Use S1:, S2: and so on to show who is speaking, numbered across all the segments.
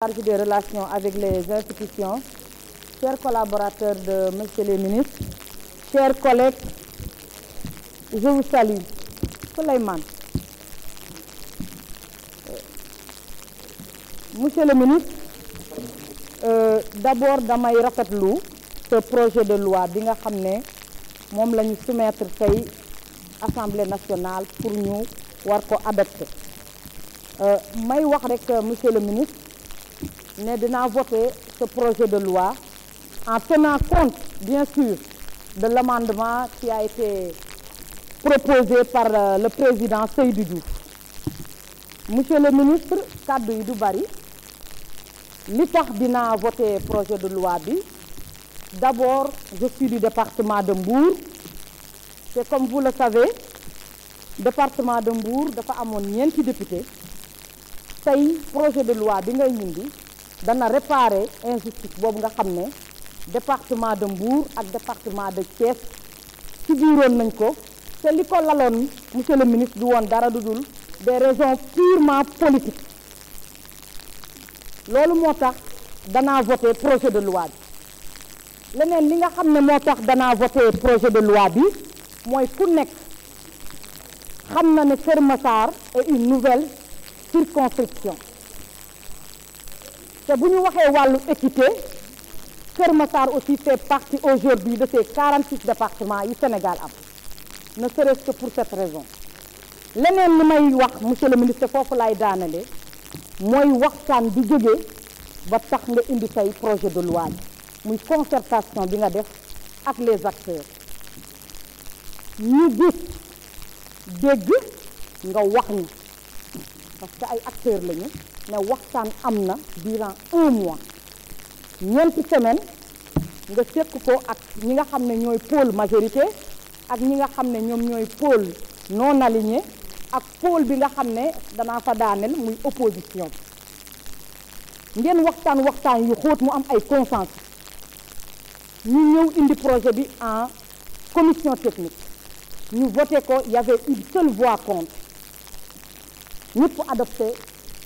S1: chargé des relations avec les institutions, chers collaborateurs de Monsieur le ministre, chers collègues, je vous salue. Souleyman. Euh, monsieur le ministre, euh, d'abord damay rafetlu ce projet de loi bi nga xam soumettre Assemblée nationale pour nous, war ko adopter euh, may wax avec euh, monsieur le ministre nous avons voter ce projet de loi en tenant compte bien sûr de l'amendement qui a été proposé par euh, le président Seydou Diouf monsieur le ministre kàddu Doubari, du bari voté projet de loi d'abord je suis du département de Mbour comme vous le savez département de Mbour dafa amoon de député le projet de loi bi dana réparer injustice bobu nga xamné département de Mbour ak département de Thiès ci biiroon nañ ko té liko ko monsieur le ministre du woon dara dudul des raisons purement politiques loolu motax Dana voter voté projet de loi bi leneen li nga xamné motax dana voter voté projet de loi bi moy ku nek xamna né ne Massar est une nouvelle circonscription si vous voulez waxee l'équité aussi fait partie aujourd'hui de ces 46 départements du Sénégal ne serait-ce que pour cette raison que je monsieur le ministre projet de loi une concertation bi nga les acteurs Nous parce que les acteurs ne waxtaan am na durant un mois ñeenti semaine nga sekk ko ak ñi nga xam ne ñooy pôle majorité ak ñi nga xam ne ñoom ñooy pôle non aligné ak pôle bi nga xam ne danaa fa daaneel muy opposition ngeen waxtaan waxtaan yu xóot mu am ay consensus ñu ñëw indi projet bi en commission technique ñu voté ko y avait une seule voix contre ñëpp adopté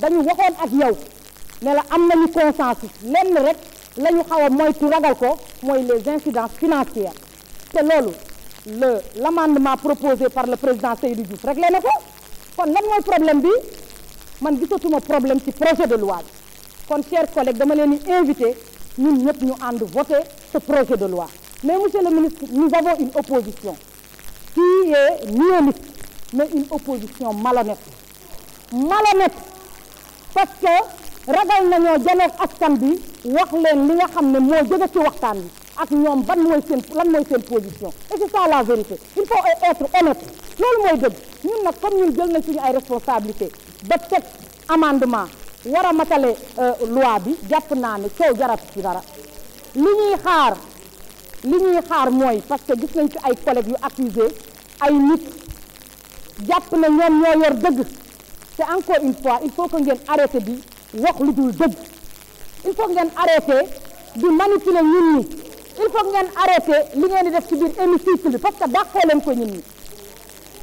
S1: dañu waxoon ak yow ne la am nañu consensus lenn rek la ñu xaw a moytu ragal ko mooy les incidences financières te loolu le l' proposé par le président Seydou Diouf rek na ko kon lan mooy problème bi man gisatuma problème ci projet de loi bi kon chers collègues dama leen di invité ñun ñëpp ñu ànd voter ce projet de loi mais monsieur le ministre nous avons une opposition qui est nihiliste mais une opposition malhonnête malhonnête parce que ragal nañoo janoog askan bi wax leen li nga xam ne moo jóge ci waxtaan bi ak ñoom ban mooy seen lan mooy seen position et c'est ça la vérité il faut être honnête loolu mooy dëgg ñun nag comme ñun jël nañ suñu ay responsabilité ba teg amendement war a matale euh, loi bi jàpp naa ne coow jarab ci dara li ñuy xaar li ñuy xaar mooy parce que gis nañ ci ay collègues yu accusé ay nit jàpp na ñoom ñoo yor dëgg c'est encore une fois il faut que ngeen arrêté bi wax lu dul dëgg il faut que ngeen arrêté di manipuler les gens. il faut que ngeen arrêté li ngeen di def ci biir hémicycle bi parce que dàqoo ko ñun ñi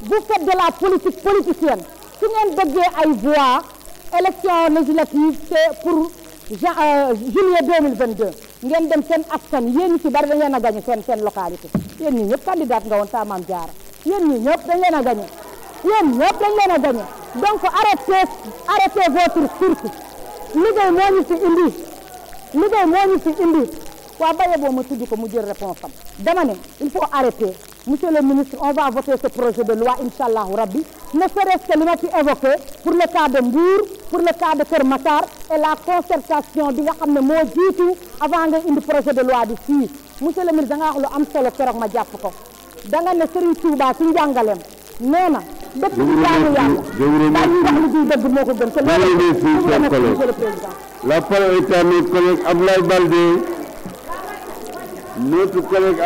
S1: vous faites de la politique politicienne Si vous voulez ay voix élection législative c'est pour euh, juillet 2022 Vous dem seen askan action, vous ci bari dañ leen a localité Vous ñi ñëpp candidat nga woon sa maam Jaara yéen ñi ñëpp dañ leen a gañe yéen donc arrêtez arrêtez votre cirque liggéey moo ñu fi indi liggéey moo ñu fi indi wa baye bo ma tudd ko mu jël réponse am dama né il faut arrêter monsieur le ministre on va voter ce projet de loi inshallah, allahu rabbi ne serait-ce que li ma ci évoqué pour le cas de Mbour pour le cas de ker Massar et la concertation bi nga xamné mo jitu avant nga indi projet de loi di fi monsieur le ministre da nga wax lu am solo keroog ma japp ko da nga né Serigne Touba ci jangalem néna dëkk bi jaamu yàlla. je vous remercie je vous remercie la parole est à notre collègue Abdoulaye Baldé notre collègue